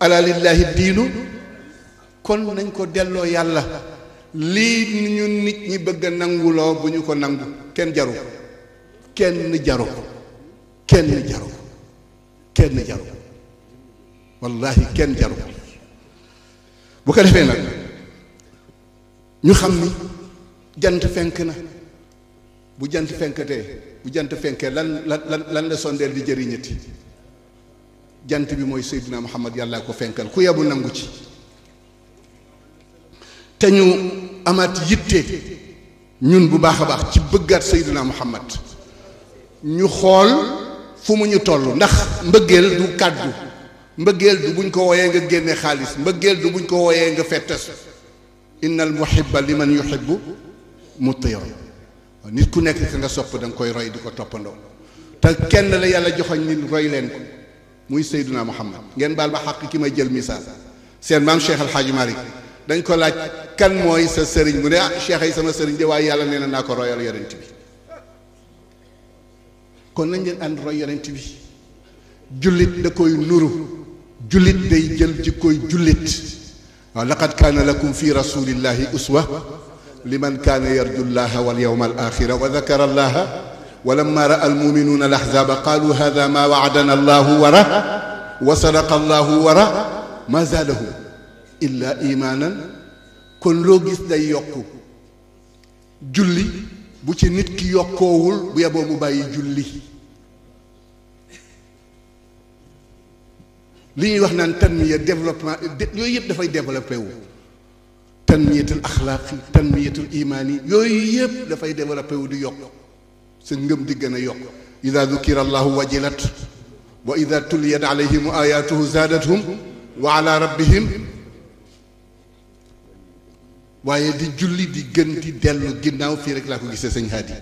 ala lillahi diinu kon nañ ko delloo yàlla lii ñu nit ñi bëgg a nanguloo bu ñu ko nangu kenn jaru kenn jaru kenn jaru kenn jaru wallahi kenn jaru bu ko defee nag ñu xam ni jant fenk na bu jant fenkatee bu jant fenkee lan lan lan la sondeel di jëriñati jant bi mooy Seydina Muhammad yàllaa ko fenkal ku yebu nangu ci te ñu amaat yitte ñun bu baax a baax ci bëggaat Seydina Muhammad ñu xool fu mu ñu toll ndax mbëggeel du kàddu mbëggeel du buñ ko wooyee nga génne xaalis mbëggeel du buñ ko wooyee nga fettas inna muhibba li yuhibbu mutiyo nit ku nekk ka nga sopp da koy roy di ko toppandoo kenn la yàlla joxoñ nit roy leen ko muy Seydina Muhammad ngeen baal ba xàq ki may jël misaal seen maam Cheikh El Hadj Malick dañ ko laaj kan mooy sa sëriñ mu ne ah Cheikh ay sama sëriñ de waaye yàlla nee na royal yonent bi kon nañ leen ànd roy yonent bi julit da koy nuru julit day jël jikkooy jullit waaw laqad kaana lakum fi rasulillahi uswa liman kaana yarju llaha wal yawma al axira wa dakara allaha ولما راى المؤمنون الاحزاب قالوا هذا ما وعدنا الله وراه وصدق الله وراه ما زادهم الا ايمانا كن لوغيس داي يوكو جولي بوتي نيت كي يوكوول بو يابو مو باي جولي لي نيي واخ نان تنميه ديفلوبمون يوي ييب دا فاي ديفلوبيو تنميه الاخلاق تنميه الايمان يوي ييب دا فاي ديفلوبيو دي يوكو sa ngëm di gën a yokk ida dukira allahu wajilat wa ida tuliyat alayhim ayatuhu zaadathum wa ala rabbihim waaye di julli di gën di dellu ginnaaw fii rek laa ko gisee sëñ Hadi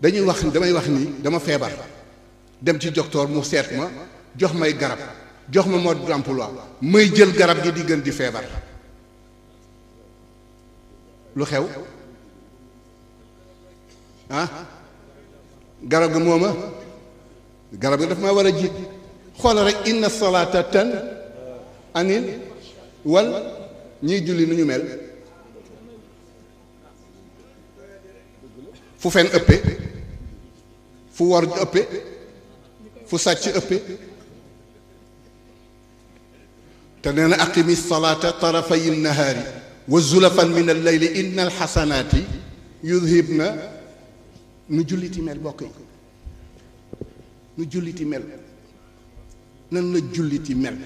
dañuy wax damay wax ni dama feebar dem ci docteur mu seet ma jox may garab jox ma mode d'emploi may jël garab gi di gën di feebar lu xew ah garab ga moma garab ga daf ma wara jitt xol rek inna salata tan anil wal ñi julli nu ñu mel fu fen uppe fu wor uppe fu sàcc uppe te nee na aqimi salaata tarafay nnahaari wa zulafan min al leyli inna alxasanaati yudhibna nu julliti mel bokk yi nu julliti mel nan la julliti mel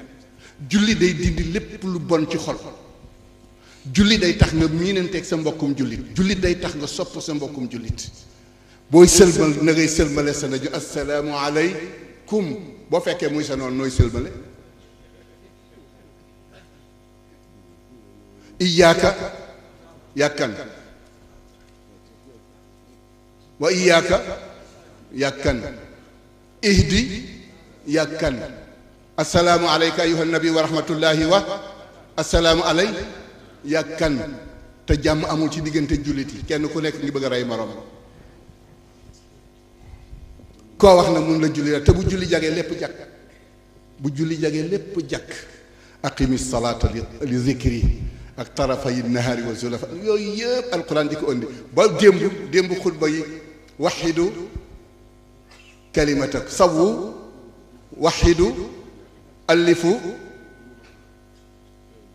julli day dindi lépp lu bon ci xol julli day tax nga miinanteeg sa mbokkum jullit jullit day tax nga sopp sa mbokkum jullit booy sëlmal na ngay sëlmale sa naju assalaamu aleykum boo fekkee muy sa noonu nooy sëlmale iyaaka yàkkan wa iyaaka yàkkan ihdi yàkkan assalaamu aleyka ayuha nabi wa rahmatullahi wa assalaamu aley yàkkan te jàmm amul ci diggante jullit yi kenn ku nekk ngi bëgg a rey morom koo wax na mun la julli la te bu julli jagee lépp jàkk bu julli jagee lépp jàkk aqimi salaata li zikri ak tarafa yi nahaari wa zulafa yooyu yëpp alquran di ko indi ba démb démb xutba yi وحدوا كلمتك صووا وحدوا ألفوا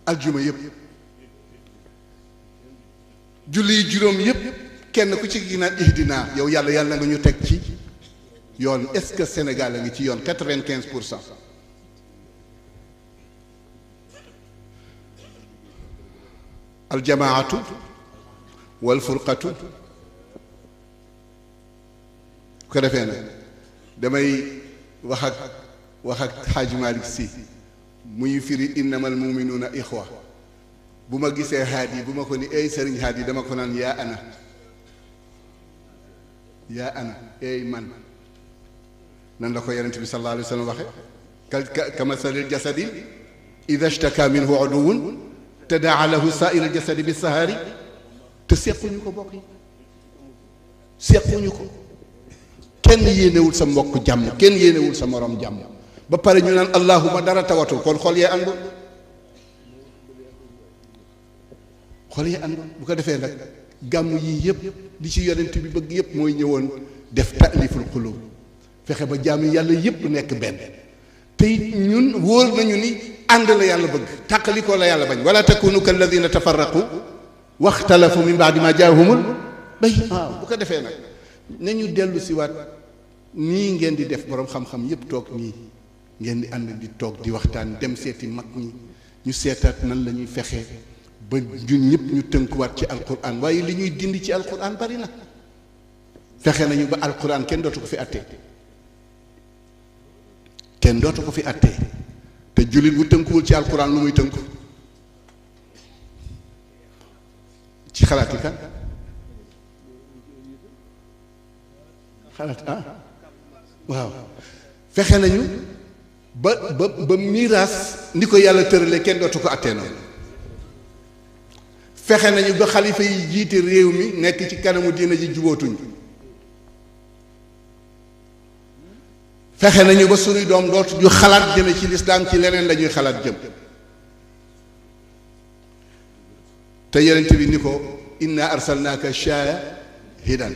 الجمع يب جولي جروم يب كن كوتشي غينا اهدنا يو يالا يالا نيو تكشي يون اسك السنغال غي تي يون 95% الجماعه والفرقه ko defee nag damay wax ak wax ak xaaj Malick si muy firi innamal muminuuna ixwa bu ma gisee haat yi bu ma ko ni eey sëriñ haat yi dama ko naan yaa ana yaa ana eey man nan la ko yonent bi sallallahu alayhi wa waxe ka kamasalil jasadi ida shtaka minhu uduwun tadaa lahu saairal jasadi bi sahaari te sequñu ko bokk kenn yéenewul sa mbokk jàmm kenn yéenewul sa morom jàmm ba pare ñu naan allahuma dara tawatul kon xol yee àndul xol yee àndul bu ko defee nag gàmm yii yëpp li ci yonent bi bëgg yëpp mooy ñëwoon def taaliful xulub fexe ba jàmm yàlla yëpp nekk benn tey ñun wóor nañu ni ànd la yàlla bëgg tàqalikoo la yàlla bañ wala takunu ka alladina tafarraqu waxtalafu min baadi ma jaahumul bay waaw bu ko defee nag nañu dellu siwaat nii ngeen di def boroom xam-xam yépp toog nii ngeen di ànd di toog di waxtaan dem seeti mag ñi ñu seetaat nan la ñuy fexe ba ñun ñëpp ñu tënkuwaat ci alquran waaye li ñuy dindi ci alquran bari na fexe nañu ba alquran kenn dootu ko fi àttee kenn dootu ko fi àttee te jullit bu tënkuwul ci alquran lu muy tënku ci xalaati kan xalaat ah waaw fexe nañu ba ba ba miraas ni ko yàlla tëralee kenn dootu ko attee noonu fexe nañu ba xalifa yi jiite réew mi nekk ci kanamu diina ji jubootuñ fexe nañu ba sunuy doom dootu ñu xalaat jëme ci lislaam ci leneen lañuy xalaat jëm te yonent bi ni ko inna arsalnaaka shaahidan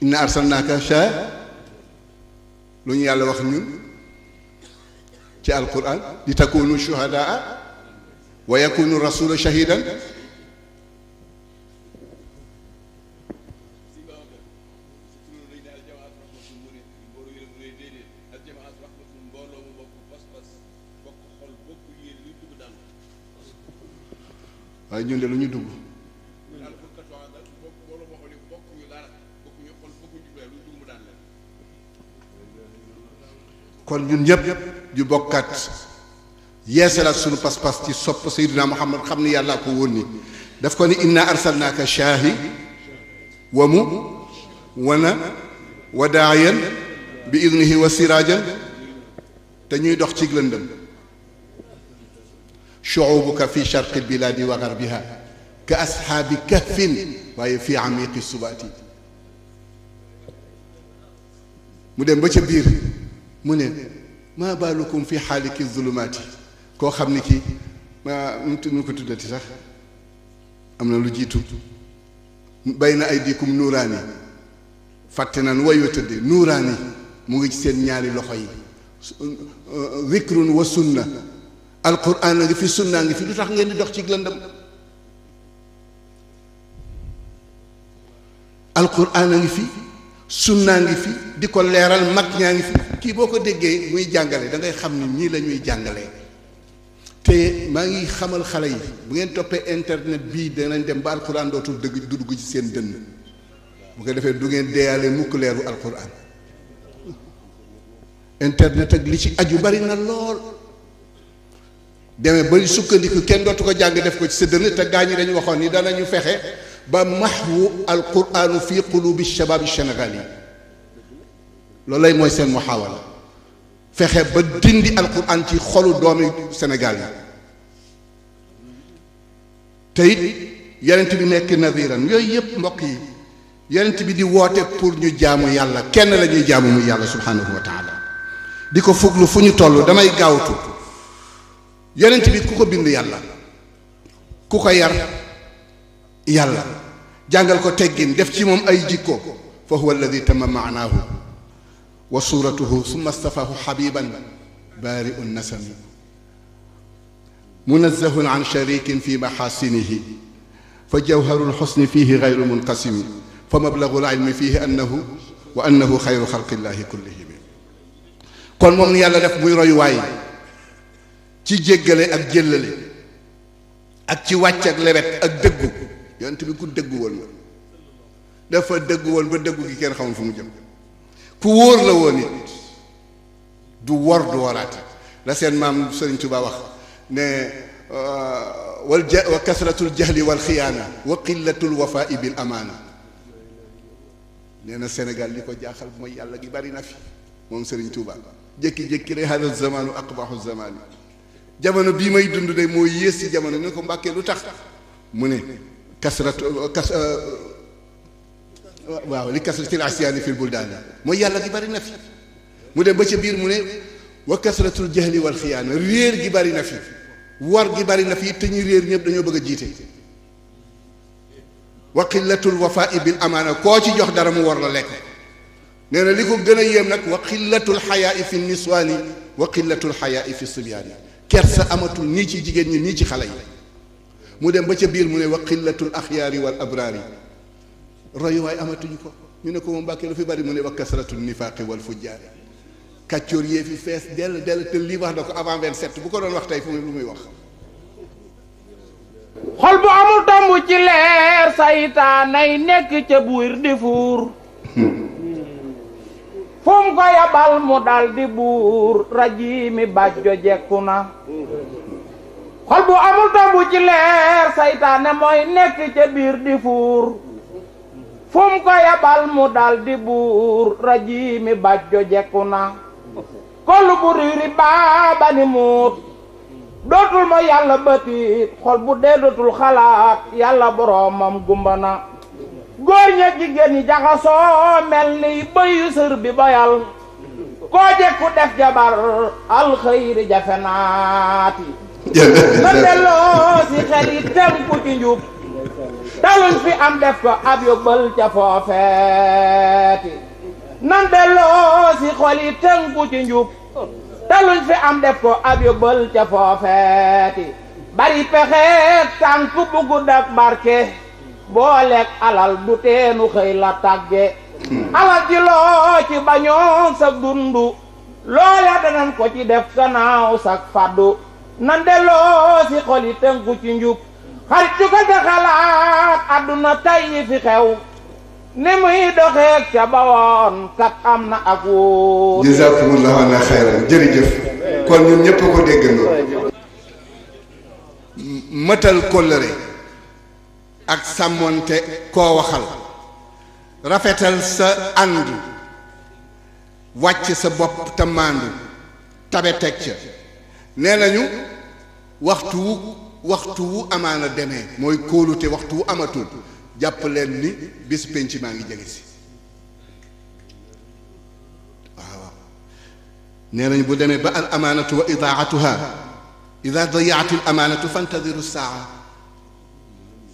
inna arsalnaaka sha lu ñu yàlla wax ñun ci alquran li takunu shuhadaa wa yakunu rasula shahidan ñun ñëpp ñu bokkaat yeesalaat sunu pas-pas ci sopp sayyidina muhammad xam ni yàllaa ko woon ni daf ko ni inna arsalnaaka shaahi wa mu wana wa daayan bi idnihi wa siraajan te ñuy dox ci lëndëm shuubuka fi sharqi bilaadi wa garbiha ka ashaabi kahfin waaye fi amiqi subaati mu dem ba ca biir mu ne ما بالكم في حالك الظلمات كو خامني كي ما نكو تودتي صح امنا لو جيتو بين ايديكم نوراني فاتنا ويو تدي نوراني موغي سين نياري لوخاي ذكر وسنه القران اللي في السنه اللي في لوتاخ نين دوخ سي غلاندم القران اللي في سنه اللي في ديكو ليرال ماك نياغي في kii boo ko déggee muy jàngale da ngay xam ni ñii lañuy jàngale te maa ngi xamal xale yi bu ngeen toppee internet bii danañ dem ba alxuraan dootul dëgg du dugg ci seen dënn bu nga defee du ngeen deeyaale mukk leeru alxuraan internet ak li ci aju bari na lool demee ba sukkandiku kenn dootu ko jàng def ko ci sa dënn te gaa yi dañu waxoon ni danañu fexe ba max mahwu alquraanu fi qulubi shabaab sénégal yi loolay mooy seen muxaawala fexe ba dindi alquran ci xolu doomi Sénégal yi te it yonent bi nekk nadiran yooyu yëpp mbokk yi yonent bi di woote pour ñu jaamu yàlla kenn la ñuy jaamu muy yàlla subhanahu wa taala di ko fuglu fu ñu toll damay gaawtu yonent bi ku ko bind yàlla ku ko yar yàlla jàngal ko teggin def ci moom ay jikko fa huwa alladi tama maanaahu وصورته ثم اصطفاه حبيبا بارئ النسم منزه عن شريك في محاسنه فجوهر الحسن فيه غير منقسم فمبلغ العلم فيه انه وانه خير خلق الله كلهم كون موم يالا داف موي روي واي تي جيغالي اك جيلالي اك تي واتش اك لبت اك دغو يونت بي كو دغو وون دافا دغو وون با دغو كي كين خاوم فمو جيم pour le woon du wor du waraate la sen mam Serigne Touba wax ne wal ja wa kasratul jahl wal khiyana wa qillatul wafa'i bil amana nee Sénégal liko jaxal moy yàlla gi bari na fi mom Serigne Touba jékki-jékki re hada zaman aqbahu zaman jamono bi may dund de moy yées ci jamono ne ko mbake lutax mune kasratul ne waaw li kasratil asyaani fi buldaani mooy yàlla gi bari na fi mu dem ba ca biir mu ne wa kasratul jahli wal xiyaana réer gi bari na fi war gi bari na fi te ñu réer ñëpp dañoo bëgg a jiite wa qillatul wafaa'i bil amaana koo ci jox dara mu war la lekk nee na li ko gën a yéem nag wa qillatul xayaa'i fi niswaani wa qillatul xayaa'i fi sibyaani kersa amatul nii ci jigéen ñi nii ci xale yi mu dem ba ca biir mu ne wa qillatul axyaari wal abraari royuwaay amatuñu ko ñu ne ko moom Mbàkke lu fi bari mu ne wa kasratu nifaaqi wal fujjaari kàccoor yee fi fees dell dell te lii wax na ko avant 27 bu ko doon wax tey fu mu lu muy wax. xol bu amul tomb ci leer ko yabal mu dal buur raji mi jekku na. xol bu amul tomb ci leer saytaane mooy nekk ca biir di fuur. fu mu ko yabal mu daldi buur rajiimi bàjjo jekku na kolu bu riiri baaba ni muut dootul ma yàlla bëtiit xol bu dee dootul xalaat yàlla boroomam gumba na góor ña jigéen ñi jaxasoo mel ni bëyu sër bi bayal koo jekku def jabar alxëyri jafe naati na delloo xel yi tënku ci njub daluñ fi am def ko ab yóbbal ca foofeeti nan si xol yi tënku ci njub fi am def ko ab yóbbal ca foofeeti bari pexe tànk bu gudd barke alal du teenu xëy la tàgge alal ji loo ci bañoo sa dundu loola danañ ko ci def gannaaw sa faddu nan si xol yi ci njub xarit ju ko xalaat adduna tay yi fi xew ni muy doxeeg ca bawoon kat am na ak wóor jazakumullahu ana xayran jërëjëf kon ñun ñëpp ko déggandoo mëtal kóllëre ak sàmmonte koo waxal rafetal sa ànd wàcc sa bopp te maandu tabe teg ca nee nañu waxtu waxtu wu amaana demee mooy kóolute waxtu wu amatul jàpp leen ni bis penc maa ngi jege si waaw nee nañ bu demee ba al amaanatu wa idaatuha ida dayaatu al amaanatu fantadiru saa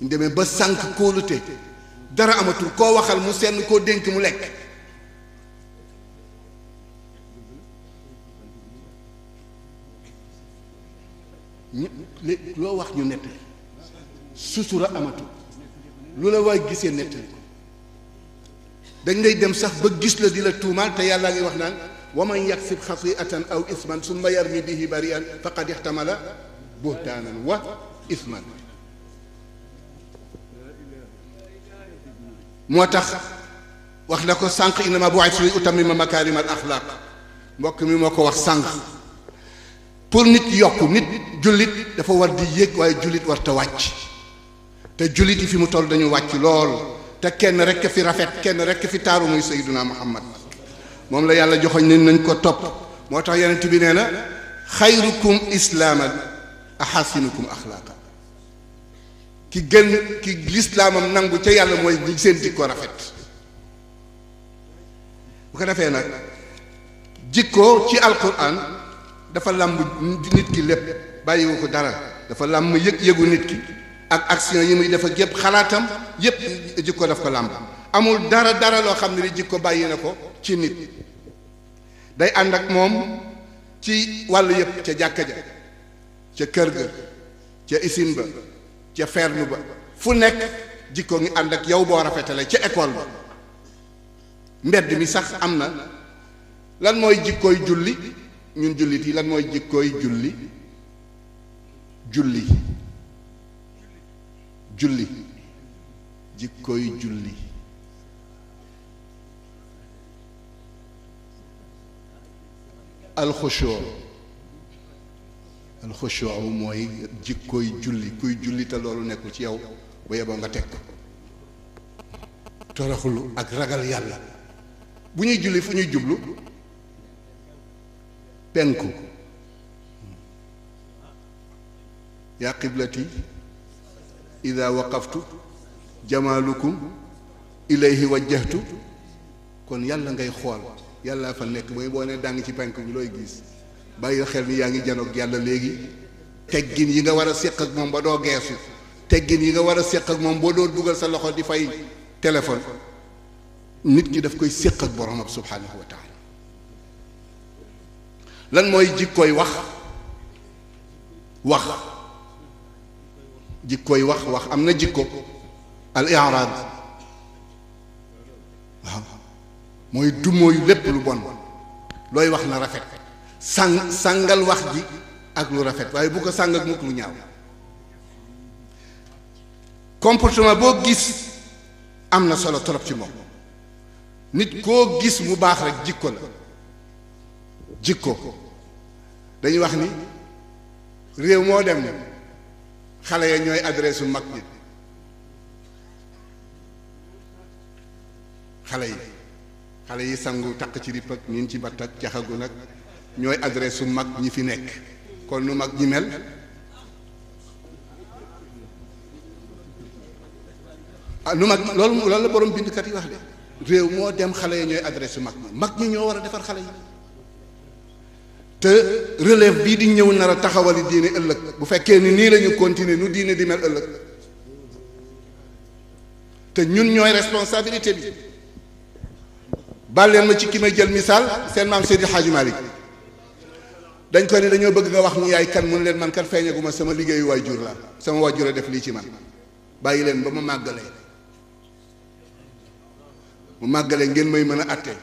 ñu demee ba sànq kóolute dara amatul koo waxal mu senn koo dénk mu lekk ñëpp loo wax ñu nettali sutura amatu lu la waay gisee nettali ko dañ lay dem sax ba gis la di la tuumaal te yàllaa ngi wax naan wa man yaksib xatiatan aw isman summa yarmi bihi barian faqad ixtamala buhtaanan wa isman moo tax wax na ko sànq innama bu'istu li utammima makaarimal axlaaq mbokk mi moo ko wax sànq pour nit yokk nit jullit dafa war di yéeg waaye jullit war te wàcc te jullit yi fi mu toll dañu wàcc lool te kenn rekk fi rafet kenn rekk fi taaru muy sayyiduna muhammad moom la yàlla joxoñ ne nañ ko topp moo tax yonent bi nee na xayrukum islaaman ahasinukum axlaaqa ki gën ki lislaamam nangu ca yàlla mooy ñi seen jikko rafet bu ko defee nag jikko ci alquran dafa làmb nit ki lépp bàyyiwu ko dara dafa làmm yëg-yëgu nit ki ak action yi muy dafa gépp xalaatam yépp jikko daf ko làmb amul dara dara loo xam ne li jikko bàyyi na ko ci nit day ànd ak moom ci wàll yëpp ca jàkka ja ca kër ga ca usine ba ca ferme ba fu nekk jikko ngi ànd ak yow boo rafetale ca école ba mbedd mi sax am na lan mooy jikkooy julli ñun jullit yi lan mooy jikkooy julli julli julli jikkooy julli alxushoo alxushoo mooy jikkooy julli kuy julli te loolu nekkul ci yow bu yeboo nga teg toroxlu ak ragal yàlla bu ñuy julli fu ñuy jublu penku يا قبلتي إذا وقفت جمالكم إليه وجهت kon yàlla ngay xool yàlla fa nekk mooy boo ne dàng ci penk bi looy gis bàyyi xel ni yaa ngi janoog yàlla léegi teggin yi nga war a séq ak moom ba doo geesu teggin yi nga war a séq ak moom boo doo dugal sa loxo di fay téléphone nit ki daf koy séq ak boromam subhanahu wa taala lan mooy jikkooy wax wax jikkooy wax wax am na jikko al i'rad waaw mooy dumooyu lépp lu bon looy wax na rafet sàng sàngal wax ji ak lu rafet waaye bu ko sàng ak mukk lu ñaaw comportement boo gis am na solo trop ci moom nit koo gis mu baax rek jikko la jikko dañuy wax ni réew moo dem xale ya ñooy adresse mag ñi xale yi xale yi sangu takk ci ripp ak ñin ci batt ak caxagu nag ñooy adresse su mag ñi fi nekk kon nu mag ñi mel ah nu mag loolu loolu la borom bindkat yi wax de réew moo dem xale yi ñooy adresse su mag ñi mag ñi ñoo war a defar xale yi te relève bii di ñëw nara a taxawali diine ëllëg bu fekkee ni nii la ñu nu diine di mel ëllëg te ñun ñooy responsabilité bi baal ma ci ki may jël misaal seen maam Seydi Hadji Malick dañ ko ne dañoo bëgg nga wax ñu yaay kan mun leen man kat feeñaguma sama liggéeyu waajur la sama waajur a def lii ci man bàyyi leen ba mu màggalee mu màggalee ngeen may mën a àtte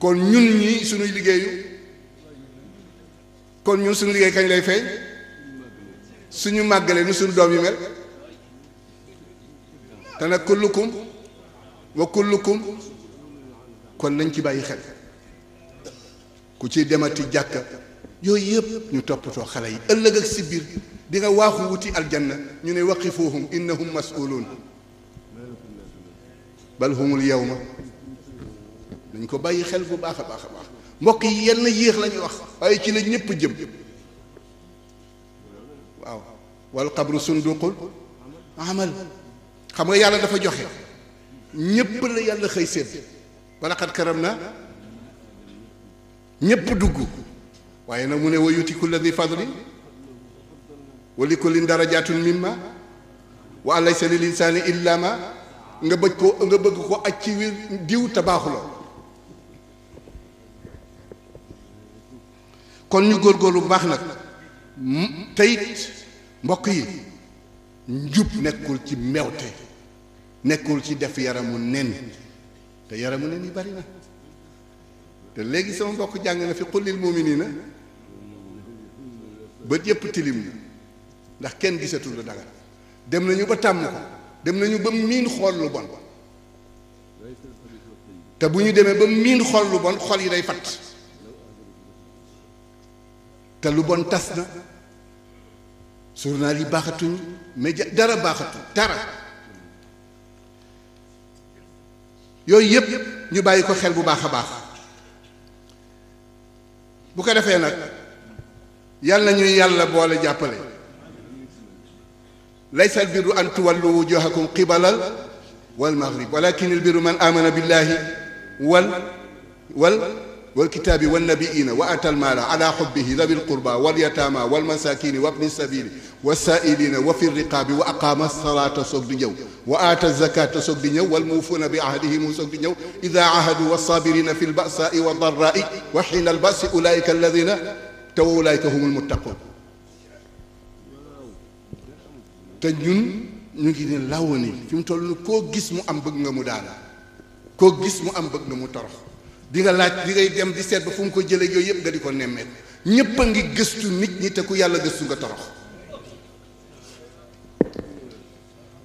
kon ñun ñi suñuy liggéeyu kon ñun suñu liggéey kañ lay feeñ suñu màggalee nu suñu doom yi mel te nag kullukum wa kullukum kon nañ ci bàyyi xel ku ci demati jàkka yooyu yëpp ñu toppatoo xale yi ëllëg ak si biir di nga waaxu wuti aljanna ñu ne waqifuhum innahum mas'uluun bal humul yawma dañ ko bàyyi xel bu baax a baax a baax mbokk yi yenn yéex lañu wax waaye ci la ñëpp jëm waaw wal xabru sunduqul amal xam nga yàlla dafa joxe ñëpp la yàlla xëy seen wala xat karam na ñëpp dugg waaye nag mu ne wa yutiku ladi fadlin wa likullin darajatun mimma wa alaysa lil insani illa ma nga bëgg ko nga bëgg ko aj ci diw te baaxuloo kon ñu góor bu baax nag teyit mbokk yi njub nekkul ci meewte nekkul ci def yaramu nen te yaramu nen yi bari na te léegi sama mbokk jàng na fi xullil muminina bët yépp tilim na ndax kenn gisatul lu dem nañu ba tàmm ko dem nañu ba miin xool lu bon te bu ñu demee ba miin xool lu bon xool yi day fatt te lu bon tas na journal yi baaxatuñ mais dara baaxatuñ dara yooyu yëpp ñu bàyyi ko xel bu baax a baax bu ko defee nag yàlla na ñuy yàlla boole jàppale laysa albiru an tuwallu wujuhakum qibala wal maghrib walakin albiru man amana billahi wal wal والكتاب والنبيين وأتى المال على حبه ذوي القربى واليتامى والمساكين وابن السبيل والسائلين وفي الرقاب وأقام الصلاة سوق دي وآتى الزكاة سوق دي والموفون بعهدهم سوق دي إذا عهدوا والصابرين في البأساء والضراء وحين البأس أولئك الذين تو أولئك هم المتقون te نجد ñu فيم تقول كو جسم ام mu toll كو جسم ام am bëgg di nga laaj di ngay dem di seet ba fu mu ko jëlee yooyu yëpp nga di ko nemmeeku ñépp a ngi gëstu nit ñi te ku yàlla gëstu nga torox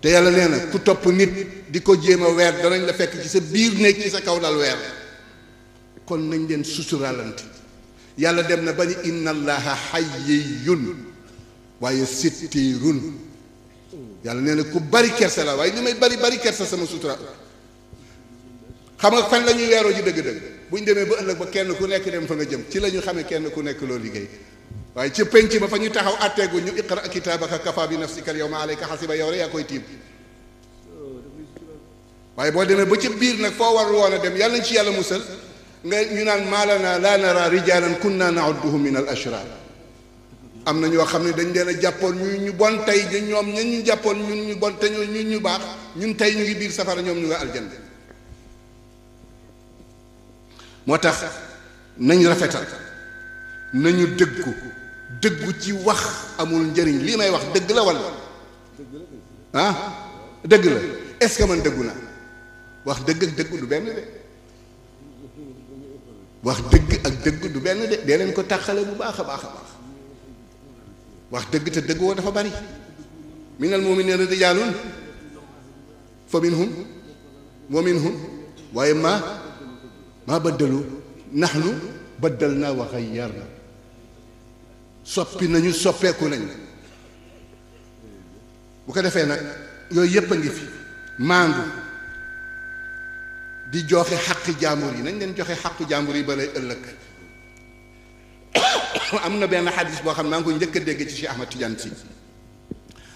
te yàlla nee na ku topp nit di ko jéem a weer danañ la fekk ci sa biir néeg ci sa kaw dal weer kon nañ leen suturaalante yàlla dem na ba ni inna allaha hayyun waaye sittirun yàlla nee na ku bari kersa la waaye li may bari bari kersa sama sutura xam nga fan la ñuy weeroo ji dëgg-dëgg bu ñu demee ba ëllëg ba kenn ku nekk dem fa nga jëm ci la ñu xamee kenn ku nekk loo liggéey waaye ci penc ba fa ñu taxaw àtteegu ñu iqra kitaabaka kafa bi nafsika yawma alayka xasiba yow rek yaa koy tiim waaye boo demee ba ca biir nag foo dem yàlla ci yàlla musal nga ñu naan maalana laa nara rijalan kunna naudduhum min al ashrar am na ñoo xam ne dañ leen a jàppoon ñu ñu bon tey ñoom ñun jàppoon ñun ñu bon te ñun ñu baax ñun tey ñu ngi biir safara ñoom ñu nga aljanna moo tax nañ rafetal nañu dëggu dëggu ci wax amul njëriñ lii may wax dëgg la walla ah, dëgg la est-ce que man dëggu na wax dëgg ak dëggu du benn de wax dëgg ak dëggu du benn de dee leen ko tàqale bu baax a baax a baax wax dëgg te dëgg woo dafa bari minal mu'minina rijaalun fa minhum wa minhum waaye ma ma maa baddalu naxnu baddal naa wa xayyarna soppi nañu soppeeku nañ bu ko defee nag yooyu yëpp a ngi fi maandu di joxe xaqi jàmbur yi nañ leen joxe xaqi jàmbur yi balay ëllëg am na benn xadis boo xam maa ngi ko njëkk a dégg ci Cheikh Ahmad Tidiane si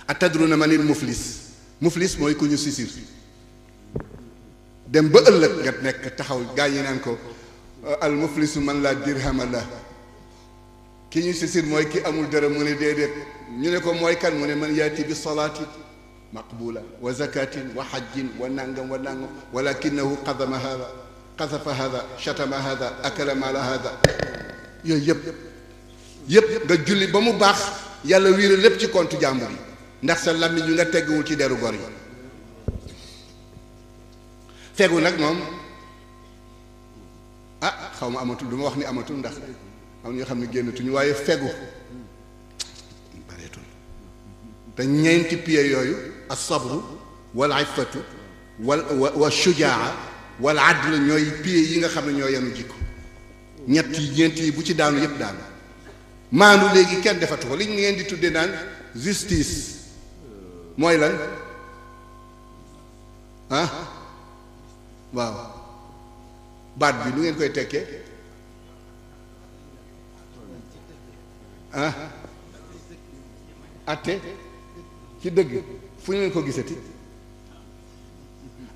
atadruna manil muflis muflis mooy ku ñu sisir dem ba ëllëg nga nekk taxaw gaa yi naan ko al muflisu man laa dirham la ki ñu sisir mooy ki amul dara mu ne déedéet ñu ne ko mooy kan mu ne man yaati bi salaati maqbula wa zakatin wa xajjin wa nangam wa nangam walakinahu qadama hada qasafa hada shatama hada akala mala hada yooyu yëpp yëpp nga julli ba mu baax yàlla wiiru lépp ci kontu jàmbur yi ndax sa lammi ñu nga tegguwul ci deru gor yi fegu nag moom ah xaw ma amatul du ma wax ni amatul ndax am ñoo xam ne génnatuñu waaye fegu bareetul te ñeenti pied yooyu as-sabru wal iffatu wal wa shujaa wal adl ñooy pied yi nga xam ne ñoo yenu jikko ñett yi ñeent yi bu ci daanu yëpp daanu maandu léegi kenn defatu ko li ñu ngeen di tuddee naan justice mooy lan ah waaw baat bi nu ngeen koy tekkee ah atte ci dëgg fu ngeen ko gisati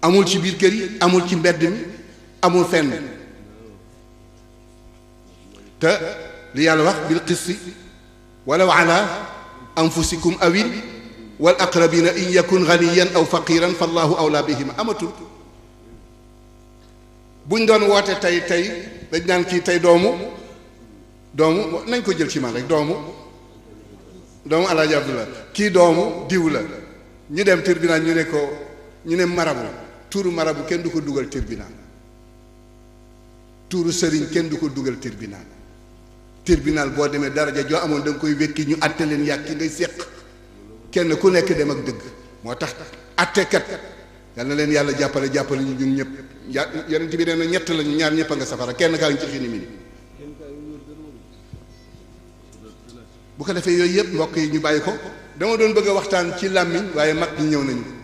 amul ci biir kër yi amul ci mbedd mi amul fenn te li yàlla wax bil qisti walaw ala anfusikum awil wal aqrabina in yakun ganiyan aw faqiran fallahu awla bihima amatul buñ doon woote tey tey dañ naan kii tey doomu doomu nañ ko jël ci man rek doomu doomu alaaji abdullah kii doomu diw la ñu dem tribunal ñu ne ko ñu ne marabu tuuru marabu kenn du ko dugal tribunal tuuru sëriñ kenn du ko dugal tribunal tribunal boo demee daraja joo amoon da nga koy wékki ñu àtte leen yàq ki ngay séq kenn ku nekk dem ak dëgg moo tax àttekat yal na leen yàlla jàppale jàppale ñu ñun ñëpp ya yonent bi nee na ñett lañu ñaar ñëpp a nga safara kenn kaa ngi ci xiini mi bu ko defee yooyu yëpp mbokk yi ñu bàyyi ko dama doon bëgg a waxtaan ci làmmiñ waaye mag ñi ñëw nañu